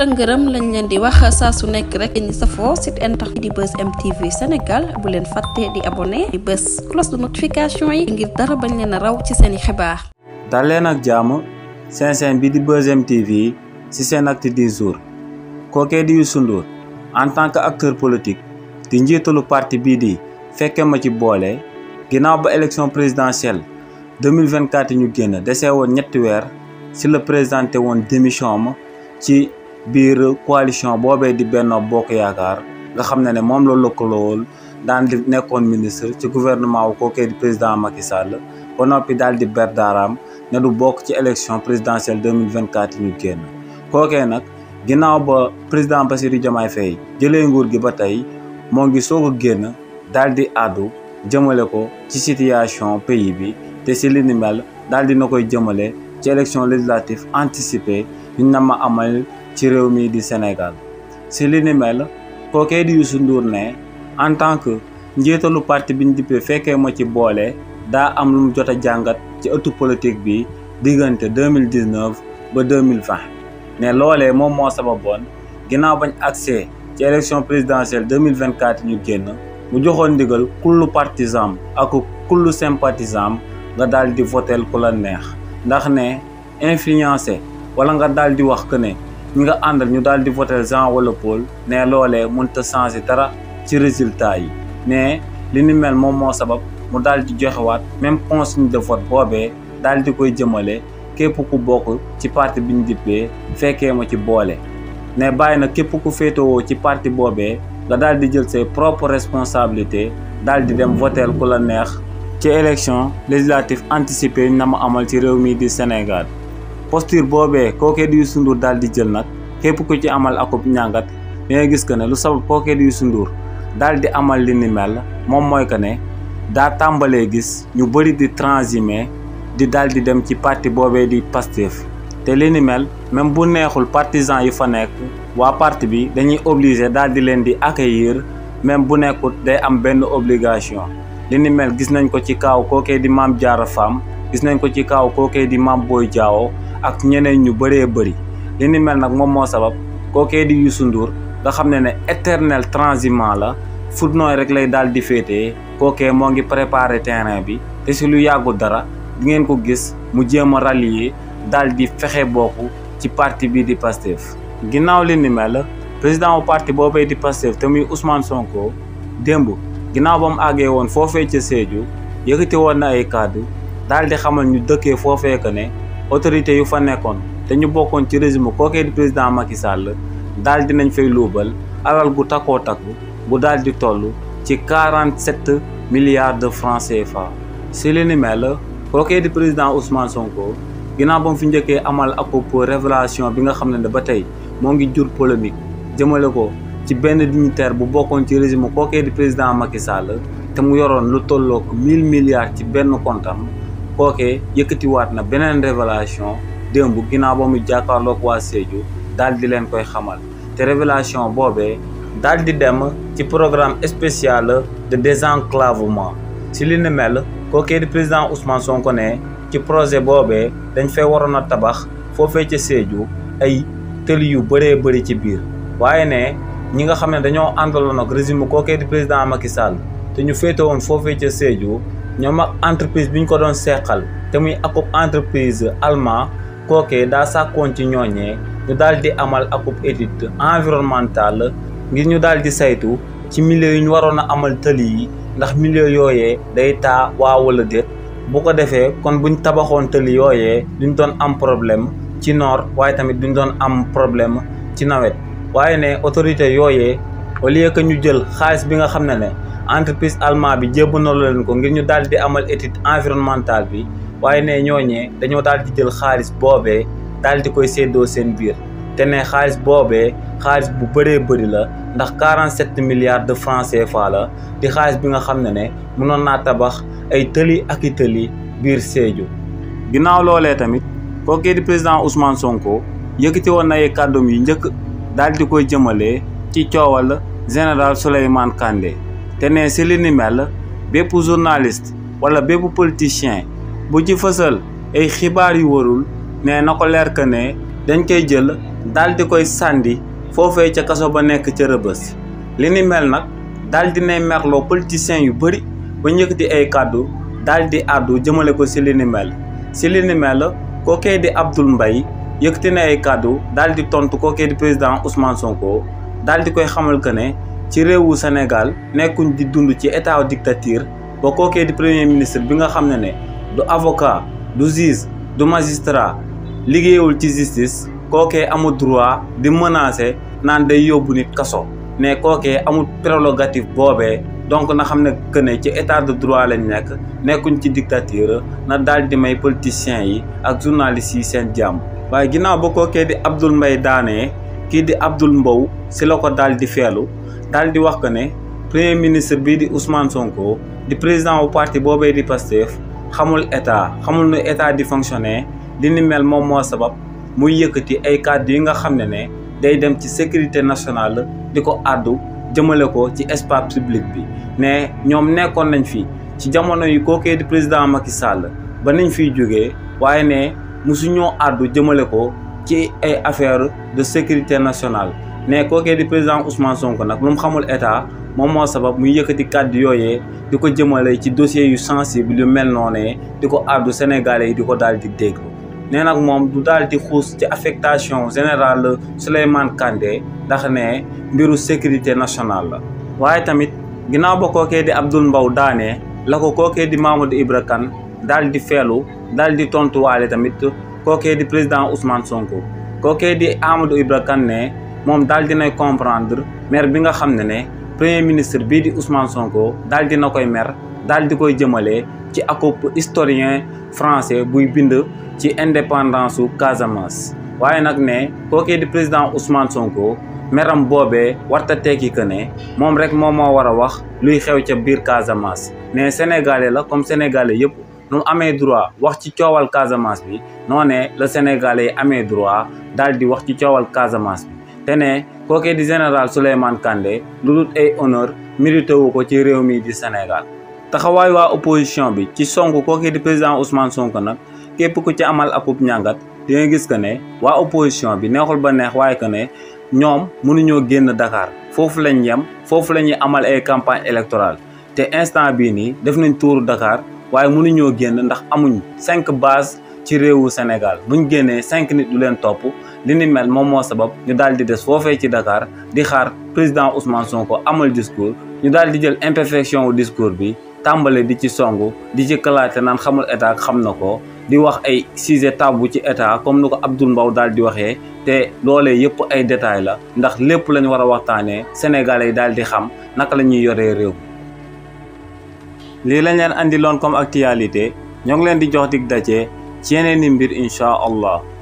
tëngërëm lañ leen di wax saa su nekk rek ñi safoo site internet di bës MTV Sénégal bu leen fàtte di abonné di bës cloche de notification yi ngir dara bañ leen a raw ci seeni xibaar. dal leen ak jàmm seen bi di bës MTV ci seen acte du jours kookee di Youssou Ndour en tant que acteur politique di njiitalu parti bii di fekke ma ci boole ginnaaw ba élection présidentielle 2024 ñu génn desee woon ñetti weer ci la présenté woon démission am ci. bir coalition boobee di Benno Bokk yaakar nga xam ne mom moom la lëkkaloowul daan di nekkoon ministre ci gouvernement ko kookee di président Macky Sall ko nopi dal di ber daaraam ne du bokk ci élection présidentielle 2024 ñu ñu ko kookee nak ginaaw ba président Bassirou Diomaye Faye jëlee nguur gi batay mo ngi soog génn di àddu jëmale ko ci situation pays bi te ci li ni mel daal di nakoy koy ci élection législative anticipée ñu na ma amal ci réew di Sénégal si li ni mel kookee di Youssou Ndour ne en tant que njiitalu parti biñ ñu dippee fekkee ma ci boole daa am lu mu jot a jàngat ci ëttu politique bi diggante 2019 ba 2020 ne loolee moom moo sababoon ginnaaw bañ accès ci élection présidentielle 2024 ñu génn mu joxoon ndigal kullu partisan ak kullu sympathisant nga daal di votel ku la neex ndax ne influencé wala nga daal di wax que ne ñi nga àndal ñu daal di voter Jean wala Paul ne loolee mënut a changer dara ci résultat yi ne li ni mel moom moo sabab mu daal di joxewaat même consigne de vote boobee daal di koy jëmale képp ku bokk ci parti bi ñu dippee fekkee ma ci boole ne bàyyi na képp ku féetewoo ci parti boobee nga daal di jël say propre responsabilité daal di dem voteel ku la neex ci élection législative anticipée na ma amal ci réew mi di Sénégal posture boobee kookee di Youssou Ndour daal di jël nag képp ku ci amal akub ñàngat da gis que ne lu sabab kookee di sunduur Ndour daal di amal li ni moom mooy que ne daa tàmbalee gis ñu bëri di transhumer di daal di dem ci parti boobee di Pastef te li ni même bu neexul partisan yu fa nekk waa parti bi dañuy obligé daal di leen di accueillir même bu nekkul day am benn obligation li gis nañ ko ci kaw kookee di maam jaara Fam gis nañ ko ci kaw kookee di maam Boye Diao ak ñeneen ñu bëree bëri li mel nag moom moo sabab kookee di Youssou Ndour nga xam ne ne éternel transiment la fu nooy rek lay daal di féetee kookee moo ngi préparé terrain bi te si lu yàggul dara di ngeen ko gis mu jéem a rallier daal di fexe bokku ci parti bi di Pastef ginnaaw li ni mel président wu parti boobee di Pastef te muy Ousmane Sonko démb ginnaaw ba mu àggee woon foofee ca Sédhiou yëkkati woon na ay kàddu daal di xamal ñu dëkkee foofee que ne autorités yu fa nekkoon te ñu bokkoon ci régime kookee di président Macky Sall daal di nañ fay luubal alal gu takkoo takku bu daal di toll ci quarante 47 milliards de francs CFA. si li ni mel kookee di président Ousmane Sonko ginnaaw ba mu fi njëkkee amal akub révélation bi nga xam ne ba tey moo ngi jur polémique jëmale ko ci benn dignitaire bu bokkoon ci régime kookee di président Macky Sall te mu yoroon lu tollook 1000 milliards ci benn compte kookee yëkkatiwaat na beneen révélation démb ginnaaw ba mu jàkkaarloog waa Sédhiou daal di leen koy xamal te révélation boobee daal di dem ci programme spécial de désenclavement si li ni mel kookee di président Ousmane Sonko ci projet boobee dañ fee waroon a tabax foofee ca Sédhiou ay tëli yu bëree bëri ci biir waaye ne ñi nga xam ne dañoo àndaloon ak régime kookee di président Macky Sall te ñu féetewoon foofee ca Sédhiou ñoo ak entreprise bi ñu ko doon seqal te muy akub entreprise allemand kookee daa sàkkoon ci ñooñee ñu daal di amal akub étude environnementale ngir ñu daal di saytu ci milieu yi ñu waroon a amal tëli yi ndax milieu yooyee day taa waa wala déet bu ko defee kon buñ tabaxoon tëli yooyee duñ doon am problème ci noor waaye tamit duñ doon am problème ci nawet waaye ne autorité yooyee au lieu que ñu jël xaalis bi nga xam ne ne entreprise allemande bi jébbal na leen ko ngir ñu daal di amal étude environnementale bi waaye ne ñooñee dañoo daal di jël xaalis boobee daal di koy séddoo seen biir te ne xaalis boobee xaalis bu bëree bëri la ndax 47 milliards de francs CFA la di xaalis bi nga xam ne ne mënoon naa tabax ay tëli ak i tëli biir Sédhiou. ginnaaw loolee tamit kookee président Ousmane Sonko yëkkati woon na ay yu njëkk daal di koy jëmale ci coowal général Souleymane Kandé. te ne si li ni mel bépp journaliste wala bépp politicien bu ci fësal ay xibaar yu warul ne na ko leer que ne dañ koy jël daal di koy sàndi foofee ca kaso ba nekk ca rëbës li mel nag daal di nay merloo politiciens yu bëri ba di ay kàddu daal di àddu jëmale ko si li mel si li ni mel kookee di Abdoul Mbaye yëkkati na ay kàddu daal di tontu kookee di président Ousmane Sonko daal di koy xamal que ne ci réewu Sénégal nekkuñ di dund ci état dictature ba kookee di premier ministre bi nga xam ne ne du avocat du juge du magistrat liggéeyul ci justice kookee amul droit di menacer naan day yóbbu nit kaso mais kookee amul prérogative boobee donc na xam ne que ci état de droit lañ nekk nekkuñ ci dictature na daal di may politiciens yi ak journalistes yi seen jàmm waaye ginnaaw ba kookee di Abdoul mbay daanee kii di Abdoul Mbow si la ko daal di feelu dal di wax que premier ministre Ousmane Sonko di président du parti boobee di Pastef xamul état xamul no état di fonctionner li ni mel mom mo sabab muy yëkëti ay cadre yi nga xamné ne ne day dem ci sécurité nationale di ko jëmele ko ci espace public bi ne ñom nañ fi ci jamono di président Macky Sall ba fi wayé né ko ci affaire de sécurité nationale mais kookee di président Ousmane Sonko nak mom xamul état mom mo sabab muy yëkëti kàddu yoyé diko ko ci dossier yu sensible yu mel noné diko ko sénégalais yi di ko daal di déglu nee du daldi di ci affectation générale Souleymane Kandé ndax né mbiru sécurité nationale la waaye tamit ginnaaw ba kookee di Abdoul Mbaw daané la ko kookee di Mamadou Ibra daldi daal daldi feelu daal di tontuwaale tamit kookee di président Ousmane Sonko kookee di Amadou Ibra né moom daal dinay comprendre maire bi nga xam ne ne premier ministre bii di Ousmane Sonko daal na koy mer daal di koy jëmale ci akop historien français buy bind ci indépendance su Casamance waaye nag ne kookee di président Ousmane Sonko meram boobee warta tekki que ne moom rek moom moo war a wax luy xew ca biir Casamance mais sénégalais la comme sénégalais yëpp nu amee droit wax ci coowal Casamance bi noo ne la sénégalais amee droit daal di wax ci coowal Casamance bi te ne kookee di général Souleymane Kandé lu dul ay honneur mérité wu ko ci réew mi di Sénégal taxawaay waa opposition bi ci sonk kookee di président Ousmane Sonko nag képp ku ci amal akub ñàngat di gis que ne waa opposition bi neexul ba neex waaye que ne ñoom mënuñoo génn Dakar foofu lañ yem foofu la ñuy amal ay campagne électorale te instant bii nii def nañ tuuru Dakar waaye mënuñoo génn ndax amuñ cinq base ci réewu Sénégal buñ génnee cinq nit du leen topp li ni mel moom moo sabab ñu daal di des foofee ci Dakar di xaar président Ousmane ko amal discours ñu daal di jël imperfection wu discours bi tàmbale di ci songu di ci kalaate naan xamul état xam na ko di wax ay sujet tabou ci état comme ni ko Abdoul Mbaw daal di waxee te loolee yëpp ay détails la ndax lépp lañu war a waxtaanee sénégalais yi daal di xam naka la ñuy yoree réew lii lañ leen andi loon comme actualité ñoo ngi leen di jox dig daje ci yeneen i mbir incha allah